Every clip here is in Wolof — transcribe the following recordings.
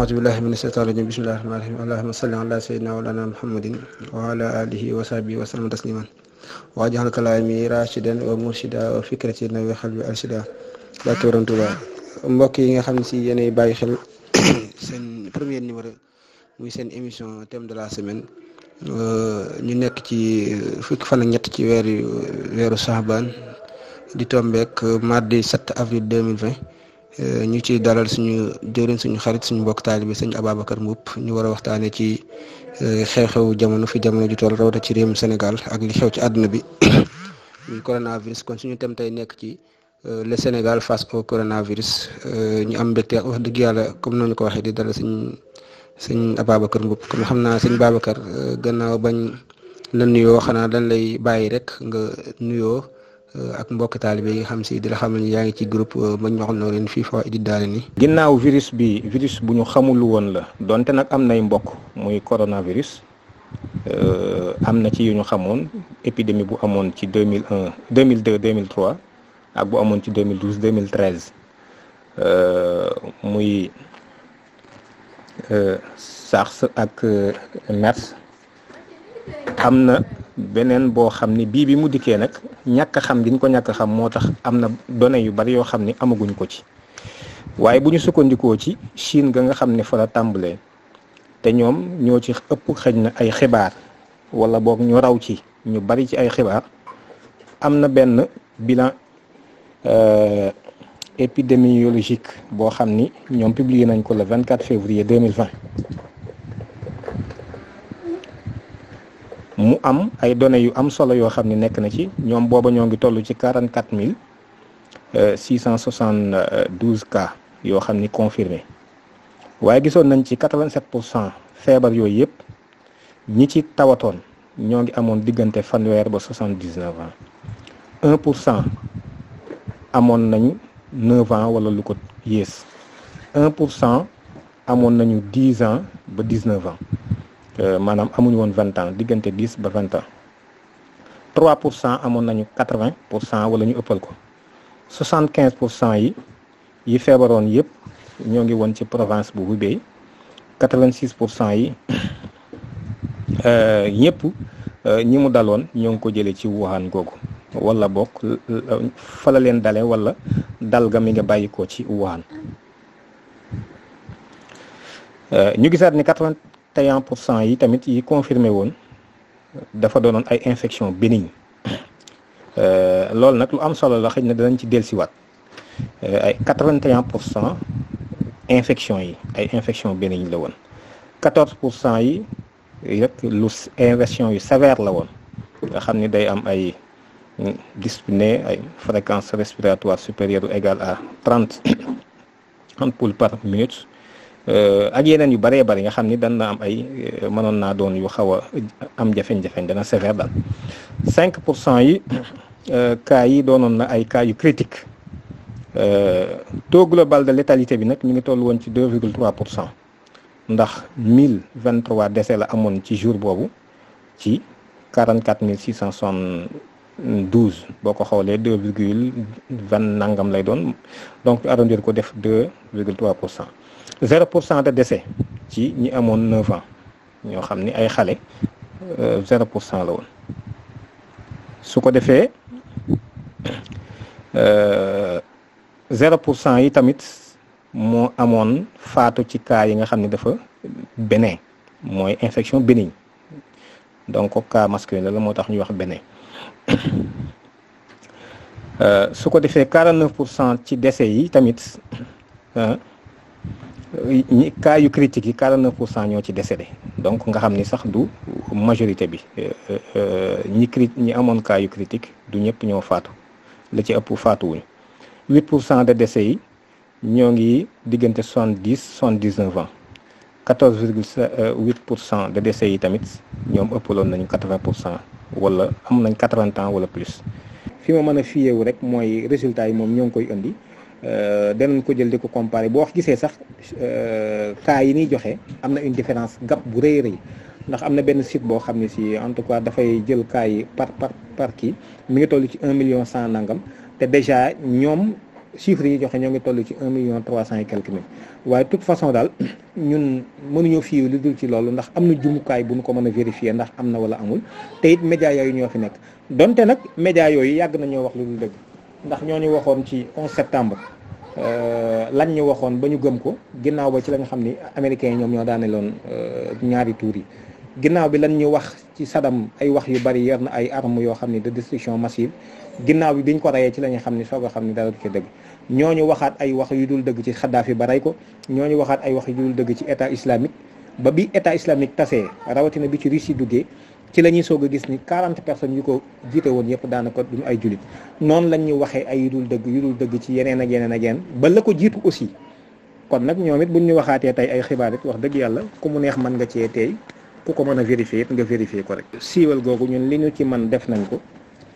aouzu billahi mina sheytaan rajim bismillahi rahmaani rahim allahuma salli ala sayyidina walana muhammadin wa ala wa sahbihi wa sallam tasliman a ja'al kalaami rashidan wa murshida wa fikrati nawi xalbi arshida bàkki waram tuba mbokk yi nga xam ne si yéenay bàyyi xel seen premier numéro muy seen émission thème de la semaine euh, ñu nekk ci euh, fukki fan ak ñett ci euh, weeru weeru saxbaan di tombeek mardi 7 avril 2020 Eh, ñu ci dalal suñu jëwriñ suñu xarit suñu mbokk taalibe sëñ Ababacar Mboup ñu war waxtaanee ci eh, xew-xew jamono fi jamono ji toll rawata ci réewum Sénégal ak li ci àdduna bi kon suñu tem tey nekk ci eh, le Sénégal face au coronavirus ñu am mbégte wax dëgg yàlla comme noonu ko waxee di dalal suñ sëñ Ababacar Mboup comme xam naa suñu Babacar gannaaw bañ la nuyoo xanaa dañ lay bàyyi rek nga nuyoo. ak mbokk taalibe yi nga xam si di xam nañ ni yaa ngi ci groupe euh, Majmahun Nurayni fii Fawaa'idid Daarayni. ginnaaw virus bi virus bu ñu xamulu woon la donte nag am nay mbokk muy coronavirus euh, am na ci yu ñu xamoon épidémie bu amoon ci deux mille un deux mille deux deux mille ak bu amoon ci deux mille douze deux mille treize euh, muy SARS ak MERS am na. beneen boo xam ni bii bi mu dikkee nag ñàkk a xam giñ ko ñàkk xam moo tax am na données yu bari yoo xam ni amaguñ ko ci waaye bu ñu sukkandikoo ci Chine ga nga xam ne fa la tàmbalee te ñoom ñoo ci ëpp xëj na ay xibaar walla boog ñu raw ci ñu bari ci ay xibaar am na benn bilan euh, épidémiologique boo xam ni ñoom publié nañ ko le 24 février 2020 mu am ay données yu am solo yoo xam ne na ci booba ci 44 672 euh, cas yoo xam ni confirmé waaye gisoon nañ ci 87 pour cent feebar yooyu yépp ñi ci tawatoon ñoo ngi amoon ba 79 ans 1 pour cent amoon nañ 9 ans wala lu ko 1 pour cent amoon nañu 10 ans ba 19 ans Euh, maanaam amuñu woon vingt ans diggante dix ba vingt ans trois pour cent amoon nañu quatre vingt pour cent wala ñu ëppal ko soixante quinze pour cent yi yi feebaroon yëpp ñoo ngi woon ci province bu Hubei quatre vingt pour cent yi euh, ñëpp euh, ñi mu daloon ñoo ngi ko jëlee ci Wuhan googu wala bokk fa la leen dale wala dal ga mi nga bàyyi ko ci Wuhan ñu gisaat ni 31% pour cent yi tamit yi confirmé won dafa donon ay infection bénigne euh, lool nak lu am solo la xëñ na dañ ci wat euh, ay 81 infection yi ay infection bénigne la won 14 yi rek lu infection yu sévère la won nga xamni day am ay dyspnée ay fréquence respiratoire supérieure ou égale à 30 ampoules par minute Euh, ak yeneen yu bëree bëri nga xam ni dan na am ay euh, mënoon naa doon yu xaw a am jafeñ-jafeñ dana sévère daal 5 pour cent yi euh, cas yi doonoon na ay cas yu critique taux global de létalité bi nag ñu ngi toll woon ci 2,3 pour cent ndax 1023 décès la amoon ci jour boobu ci 44 660 12 boko xolé 2,20 nangam lay doon donc arrondir ko def 2,3% 0% de décès ci ñi amone 9 ans ño xamni ay xalé euh, 0% la won su ko fait euh 0% yi tamit mo amone faatu ci cas yi nga xamni dafa bénin moy infection bénin donc au cas masculin la motax ñu wax bénin Euh, su ko defee 49 pour cent ci décès yi tamit euh, ñi cas yu critiques yi 49 pour cent ñoo ci décédé donc nga xam ni sax du majorité bi euh, ñi crit ñi amoon cas yu critique du ñëpp ñoo faatu la ci ëpp faatuwuñu 8 pour cent de décès yi ñoo ngi diggante 70 79 ans 14 virgule 8 pour cent de décès yi tamit ñoom ëppaloon quatre 80 pour cent wala am nañ 80 ans wala plus. fi ma mën a fiyewu rek mooy résultat yi moom ñoo ngi koy indi euh, danañ ko jël di ko comparer boo gisee sax euh, cas yi ñuy joxe am na indifférence différence gap bu rëy rëy ndax am na benn site boo xam ne si en tout cas dafay jël cas yi par par par kii mu ngi toll ci 1 million cent nangam te déjà ñoom. chiffres yi joxe ñoo ngi tollu ci un million trois cent et quelques mille waaye toute façon daal ñun mënuñoo fii lu dul ci loolu ndax am na jumukaay bu ñu ko mën a vérifier ndax am na wala amul teyit it yooyu ñoo fi nekk donte nag médias yooyu yàgg nañoo wax lu dul dëgg ndax ñoo ñu waxoon ci 11 septembre euh, lañ ñu waxoon ba ñu gëm ko ginnaaw ba ci la nga xam ni américains yi ñoom ñoo daaneeloon euh, ñaari tuur yi ginnaaw bi lañ ñu wax ci Saddam ay wax yu bari yor na ay armes yoo xam ni de destruction massive ginnaaw bi biñ ko reyee ci la ñu xam ni soo a xam ni dara du ci dëgg ñooñu waxaat ay wax yu dul dëgg ci Xaddaafi ba rey ko ñooñu waxaat ay wax yu dul dëgg ci état islamique ba bi état islamique tasee rawatina bi ci Russie duggee ci la ñuy soog a gis ni quarante personnes yu ko jiite woon yëpp daanaka duñu ay julit noonu lañ ñu waxee ay yu dul dëgg yu dul dëgg ci yeneen ak yeneen ak yeneen ba la ko jiitu aussi kon nag ñoom it bu ñu waxaatee tey ay xibaar it wax dëgg yàlla ku mu neex mën nga cee tey ku ko mën a vérifier nga vérifier ko rek siiwal googu ñun li ñu ci man def nañ ko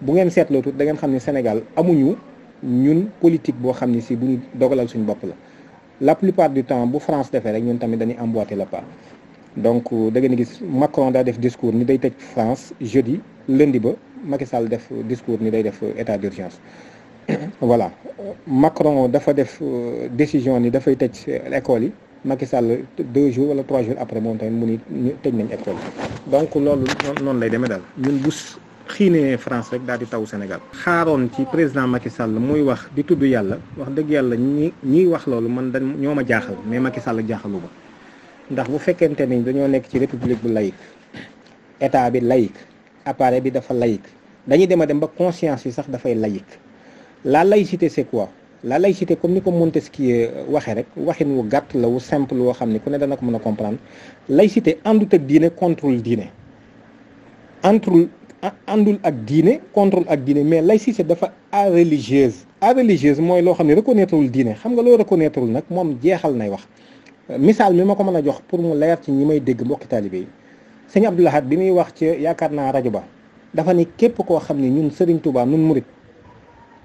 bu ngeen seetloo tout da ngeen xam ne Sénégal amuñu ñun politique boo xam ne si bu ñu dogalal suñu bopp la la plupart du temps bu France defee rek ñun tamit dañuy emboîter la pas donc euh, da ngeen gis Macron daa def discours ni day tëj France jeudi lundi ba Macky Sall def discours ni day def euh, état d'urgence voilà Macron dafa def euh, décision ni dafay tëj école yi Macky Sall deux jours wala trois jours après moom tamit mu ni tëj nañ école donc loolu noonu lay demee daal ñun bu xiinee France rek daal di taw Sénégal xaaroon ci président Macky Sall muy wax di tudd yàlla wax dëgg yàlla ñi ñiy wax loolu man dañ ñoo ma jaaxal mais Macky Sall jaaxalu ma ndax bu fekkente ni dañoo nekk ci république bu laïque état bi laïque appareil bi dafa laïque dañuy dem a dem ba conscience yi sax dafay laïque la laïcité c'est quoi la laïcité comme ni ko Montesquieu euh, waxee rek waxin wu gàtt la wu simple woo xam ne ku ne dana ko mën a comprendre laïcité àndut ak diine contrôle diine antrul àndul ak diine contrôle ak diine mais lay laïcité dafa areligieuse areligieuse mooy loo xam ne reconnaître wul diine xam nga loo reconnaître nag moom jeexal nay wax misaal mi ma ko mën a jox pour mu leer ci ñi may dégg mbokki taalibe yi sëñ Abdou bi muy wax ci yaakaar naa rajo ba dafa ne képp koo xam ne ñun Serigne Touba mu murit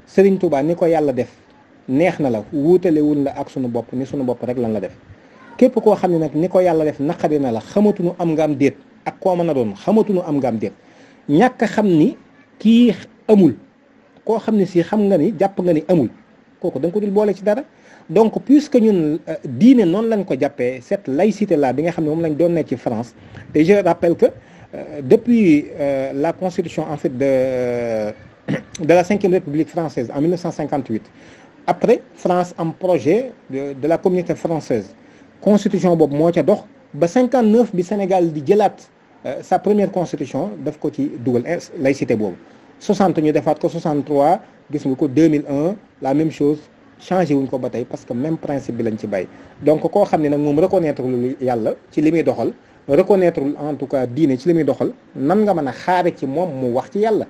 sëriñ Touba ni ko yàlla def neex na la wuutalewul la ak sunu bopp ni sunu bopp rek lan la def képp koo xam ne nag ni ko yàlla def naqari na la xamatuñu am nga déet ak koo mën a doon xamatuñu am nga ñàkk a xam ni kii amul koo xam ne si xam nga ni jàpp nga ni amul kooku da nga ko dul boole ci dara donc puisque ñun euh, diine noonu lañ ko jàppee cette laïcité là bi nga xam ne moom lañ doon ci France et je rappelle que euh, depuis euh, la constitution en fait de de la 5e république française en 1958 après France am projet de, de la communauté française constitution boobu moo ca dox ba 59 bi Sénégal di jëlaat euh, sa première constitution daf ko ci dougal hein, laïcité boobu 60 ñu defat ko 63 gis nga ko 2001 la même chose changé wuñ ko batay parce que même principe bi lañ ci bay donc ko xamni nak mom reconnaître lu yalla ci li doxal reconnaître en tout cas diine ci li doxal nan nga mëna xaaré ci mom mu wax ci yalla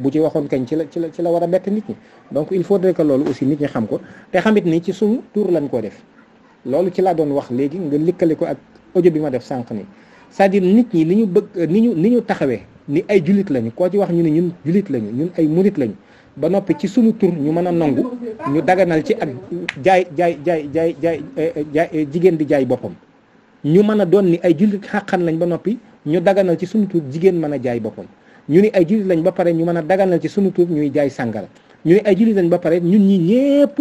bu ci waxoon kañ ci la ci la ci la wara a nit ñi donc il faudrait que lolu aussi nit ñi xam ko té xamit ni ci suñu tour lañ ko def lolu ci la doon wax légui nga likkale ko ak audio bi ma def sank ni cest à nit ñi li ñu bëgg ni ñu ni ñu taxawee ni ay jullit lañu koo ci wax ñu ne ñun jullit lañu ñun ay murit lañu ba noppi ci sunu tur ñu mën a nongu ñu daganal ci ak jaay jaay jaay jaay jaay jaay jigéen di jaay boppam ñu mën a doon ni ay jullit xàqan lañ ba noppi ñu daganal ci sunu tur jigéen mën a jaay boppam ñu ni ay jullit lañ ba pare ñu mën a daganal ci sunu tur ñuy jaay sàngara ñu ni ay jullit lañ ba pare ñun ñi ñépp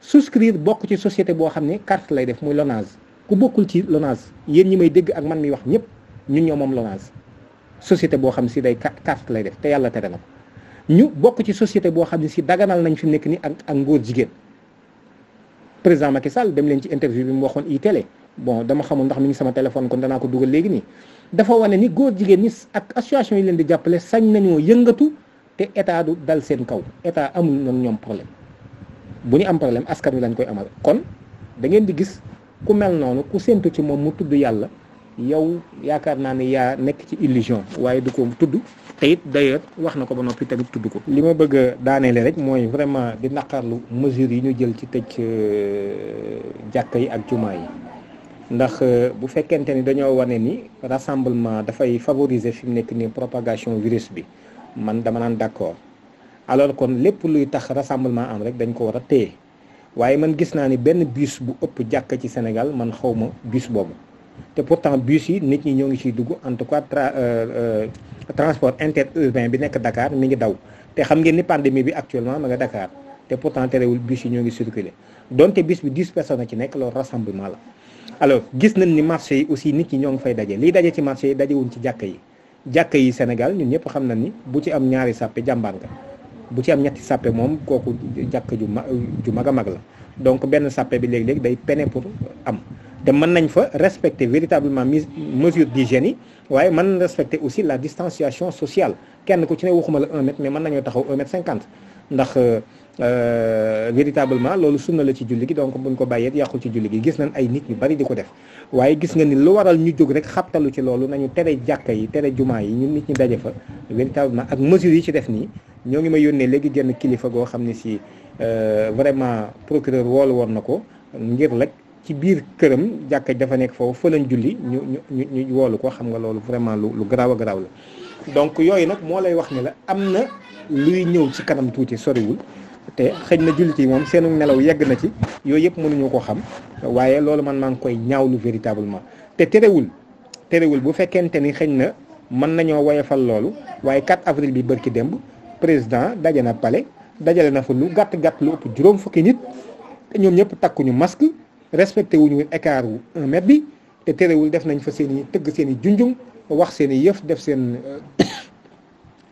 souscrire bokk ci société boo xam ne carte lay def muy Lonase ku bokkul ci LONASE yéen ñi may dégg ak man mi wax ñëpp ñu ñoo moom LONASE société boo xam ne si day carte lay def te yàlla tere na ko ñu bokk ci société boo xam ne si daganal nañ fi nekk nii ak ak ngóor jigéen président Macky Sall dem leen ci interview bi mu waxoon iTélé bon dama xamul ndax mi ngi sama téléphone kon danaa ko dugal léegi nii dafa wane ni góor jigéen ñi ak association yi leen di jàppale sañ nañoo yëngatu te état du dal seen kaw état amul noonu ñoom problème bu ñu am problème askan wi lañ koy amal kon ku mel noonu ku séntu ci moom mu tudd yàlla yow yaakaar naa ni yaa nekk ci illusion waaye du ko tudd te it d'ailleurs wax na ko ba noppi tamit tudd ko. li ma bëgg daaneele rek mooy vraiment di naqarlu mesures yi ñu jël ci tëj euh, jàkka yi ak jumaa yi ndax euh, bu fekkente ni dañoo wane ni rassemblement dafay favoriser fi mu nekk nii propagation virus bi man dama naan d'accord alors kon lépp luy tax rassemblement am rek dañ ko war a téye. waaye man gis naa ni benn biis bu ëpp jàkka ci Sénégal man xaw ma bus boobu te pourtant bus yi nit ñi ñoo ngi ciy dugg en tout cas euh, euh, transport interurbain bi nekk dakaar mi ngi daw te xam ngeen ni pandémie bi actuellement ma nga dakaar te pourtant terewul bus yi ñoo ngi circuler donte bus bi 10 personnes a ci nekk loolu rassemblement la alors gis nañ ni marché yi aussi nit ñi ñoo ngi fay daje liy daje ci marché yi dajewuñ ci jàkk yi jàkka yi Sénégal ñun ñëpp xam nañ ni bu ci am ñaari sàppe jàmbaar nga bu ci am ñetti sàppe moom kooku jàkk ju ma ju mag a mag la donc benn sapé bi léegi-léegi day peine pour am te mën nañ fa respecter véritablement mise mesure d'hygiène yi waaye mën nañ respecter aussi la distanciation sociale kenn ku ci ne waxuma la 1 mètre mais mën nañoo taxaw un mètre ndax euh, Euh, véritablement loolu sunna la ci julli gi donc buñ ko bàyyee yàqu ci julli gi gis nañ ay nit ñu bari di ko def waaye gis nga ni lu waral ñu jóg rek xabtalu ci loolu nañu tere jàkka yi tere jumaa yi ñun nit ñi daje fa véritablement ak mesures yi ci def nii ñoo ngi ma yónnee léegi genn kilifa goo xam ne si euh, vraiment procureur woolu woon na ko ngir rek ci biir këram jàkka dafa nekk foofu fa lañ julli ñu ñu ñu ñu ñu woolu ko xam nga loolu vraiment lu lu garaaw a garaaw donc yooyu nag moo lay wax ni la am na luy ñëw ci kanam tuuti soriwul te xëj na jullit yi moom seenu nelaw yegg na ci yooyu yëpp mënuñu ko xam waaye loolu man maa ngi koy ñaaw lu véritablement te terewul terewul bu fekkente ni xëj na mën nañoo woyofal loolu waaye 4 avril bi bërki démb président daje na pale dajale na fa lu gàtt gàtt lu ëpp juróom fukki nit te ñoom ñëpp takkuñu masque respecté wuñu écart wu 1 bi te terewul def nañ fa seen i tëgg seen i junjum wax seen i yëf def seen euh,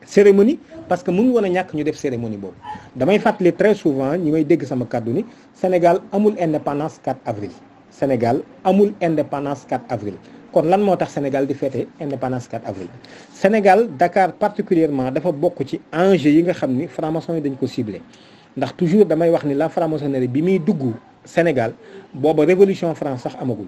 cérémonie parce que mënu wona a ñu def cérémonie bobu damay les très souvent ñi may dégg sama cadeau ni Sénégal amul indépendance 4 avril Sénégal amul indépendance 4 avril kon lan motax Sénégal di fêter indépendance 4 avril Sénégal Dakar particulièrement dafa bokku ci enjeu yi nga xamni ni franc-maçon yi dañ ko ciblé ndax toujours damay wax ni la franc-maçonnerie bi mi dugg Sénégal bobu révolution France sax amagul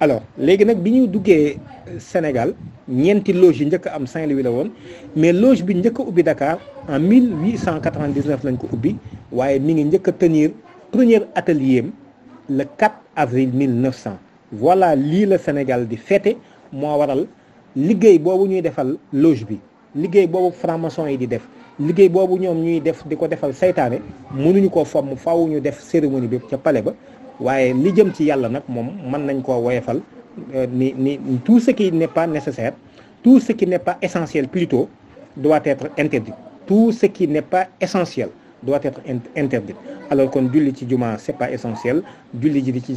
alors léegi nak biñu duggé euh, Sénégal ñenti loge ñëk am Saint-Louis la woon mais loge bi ñëk ubi Dakar en 1899 lañ ko ubi waye mi ngi tenir premier atelier le 4 avril 1900 voilà li le Sénégal di fête mo waral liggéey bobu ñuy defal loge bi liggéey bobu franc-maçon yi di def liggéey bobu ñom ñuy def diko ko defal saytaane mënuñu ko fam faaw ñu def cérémonie bi ca palais ba euh, tout ce qui n'est pas nécessaire tout ce qui n'est pas essentiel plutôt doit être interdit tout ce qui n'est pas essentiel doit être interdit alors kon julli ci c'est pas essentiel du ji di ci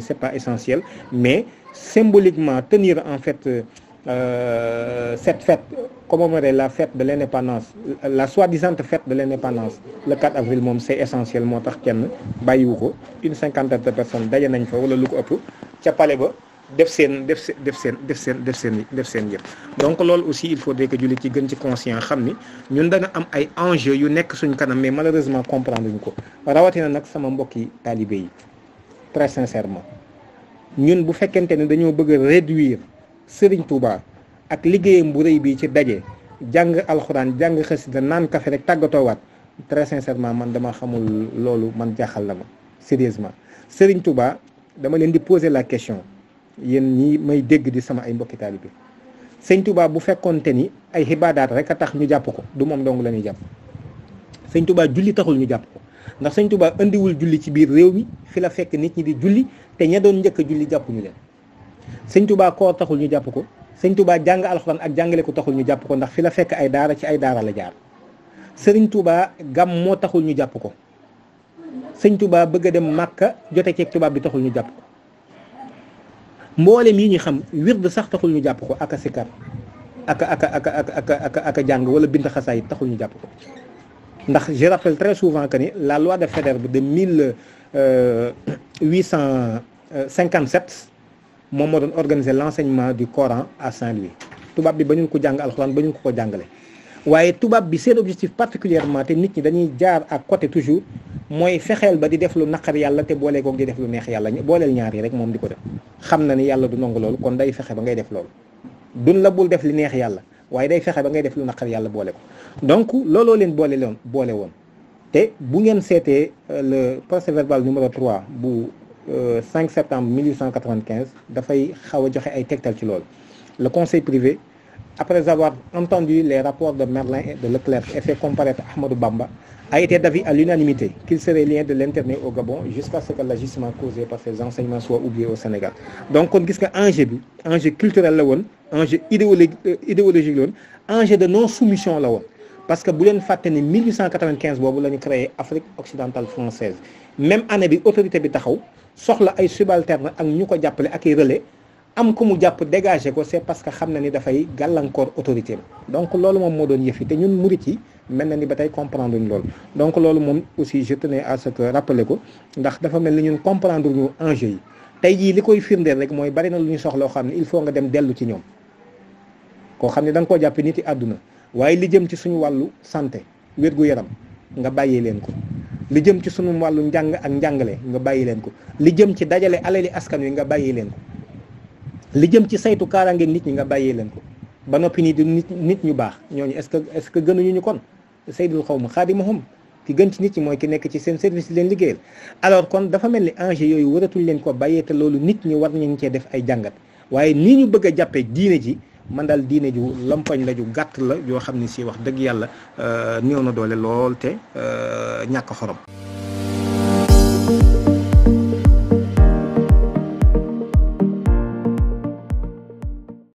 c'est pas essentiel mais symboliquement tenir en fait euh, euh, cette fête, commémorer la fête de l'indépendance, la soi-disant fête de l'indépendance, le 4 avril, c'est essentiellement tax kenn une cinquantaine de personnes D'ailleurs, nañ fa wala lu ko ëpp ca palais ba def donc loolu aussi il faudrait que du ci gën ci conscient xamni ñun dana am ay enjeux yu nekk suñu kanam mais malheureusement comprendre ñuko ko rawatina un sama mbokki taalibe yi très sincèrement ñun bu ne dañu bëgg réduire sëriñ Touba ak liggéeyam bu rëy bii ci daje jàng alxuraan jàng xasida naan kafe rek tàggatoowaat très sincèrement man dama xamul loolu man jaaxal na ma sérieusement sëriñ Touba dama leen di poser la question yéen ñi may dégg di sama ay mbokki taalibe bi sëñ Touba bu fekkoonte ni ay xibaadaat rek a tax ñu jàpp ko du moom dong lañuy jàpp sëñ Touba julli taxul ñu jàpp ko ndax sëñ Touba indiwul julli ci biir réew mi fi la fekk nit ñi di julli te ñe doon njëkk julli jàppuñu leen sëñ tubaa koor taxul ñu jàpp ko sëñ tubaa jàng alxuraan ak jàngale ko taxul ñu jàpp ko ndax fi la fekk ay daara ci ay daara la jaar sëriñ tubaa gàmm moo taxul ñu jàpp ko sëñ tubaa bëgg a dem màkka jote ceeg tubaab bi taxul ñu jàpp ko mboolem yi ñu xam wird sax taxul ñu jàpp ko ak a sikar ak ak ak ak ak ak jàng wala bind xasaay taxul ñu jàpp ko ndax je rappelle très souvent que ni la loi de bi de mille euh, huit cent euh, cinquante sept moom moo doon organiser l'enseignement du Coran à Saint-Louis tubaab bi ba ñu ko jàng alxuraan ba ñu ko ko jàngale waaye tubaab bi seen objectif particulièrement te nit ñi dañuy jaar à côté toujours mooy fexeel ba di def lu naqar yàlla te boole koog di def lu neex yàlla booleel ñaar yi rek moom di ko def xam na ni yàlla du nangu loolu kon day fexe ba ngay def loolu dun la bul def li neex yàlla waaye day fexe ba ngay def lu naqar yàlla boole ko donc looloo leen boole loon boole woon te bu ngeen seetee euh, le procès verbal numéro 3 bu 5 euh, septembre 1895 d'après le conseil privé après avoir entendu les rapports de Merlin et de Leclerc et fait comparaître Ahmadou Bamba a été d'avis à l'unanimité qu'il serait lié de l'internet au Gabon jusqu'à ce que l'agissement causé par ses enseignements soit oublié au Sénégal donc kon gis qu'un enjeu un enjeu culturel un enjeu euh, idéologique idéologique enjeu de non soumission parce que bu 1895 vous créé Afrique occidentale française même année bi autorité bi soxla ay subalterne ak ñu ko jàppale ak i relais am ko mu jàpp dégagé ko c'est parce que xam na ni dafay gàllankoor autorité ma donc loolu moom moo doon yëf yi te ñun murit yi mel na ni ba tey comprendre ñu lool donc loolu moom aussi je tenais à ce que rappeler ko ndax dafa mel ni ñun comprendre ñu enjeu yi tey jii li koy firndeel rek mooy bari na lu ñu soxloo xam ne il faut nga dem dellu ci ñoom koo xam ne da nga koo jàpp nit yi àdduna waaye li jëm ci suñu wàllu santé wér yaram nga bàyyee leen ko li jëm ci sunu wàllu njàng ak njàngale nga bàyyi leen ko li jëm ci dajale alali askan wi nga bàyyi leen ko li jëm ci saytu kaaraange nit ñi nga bàyyi leen ko ba noppi nii di nit nit ñu baax ñooñu est-ce que est-ce que gënuñu ñu kon saydul xaw ma xaadimahum ki gën ci nit ñi mooy ki nekk ci seen service leen liggéeyal alors kon dafa mel ni enjeu yooyu waratuñ leen ko bàyyee te loolu nit ñi war nañ cee def ay jàngat waaye nii ñu bëgg a jàppee diine ji man daal diine ju lampañ la ju gàtt la yoo xam ne si wax dëgg yàlla euh, néew na doole lool te euh, ñàkk xorom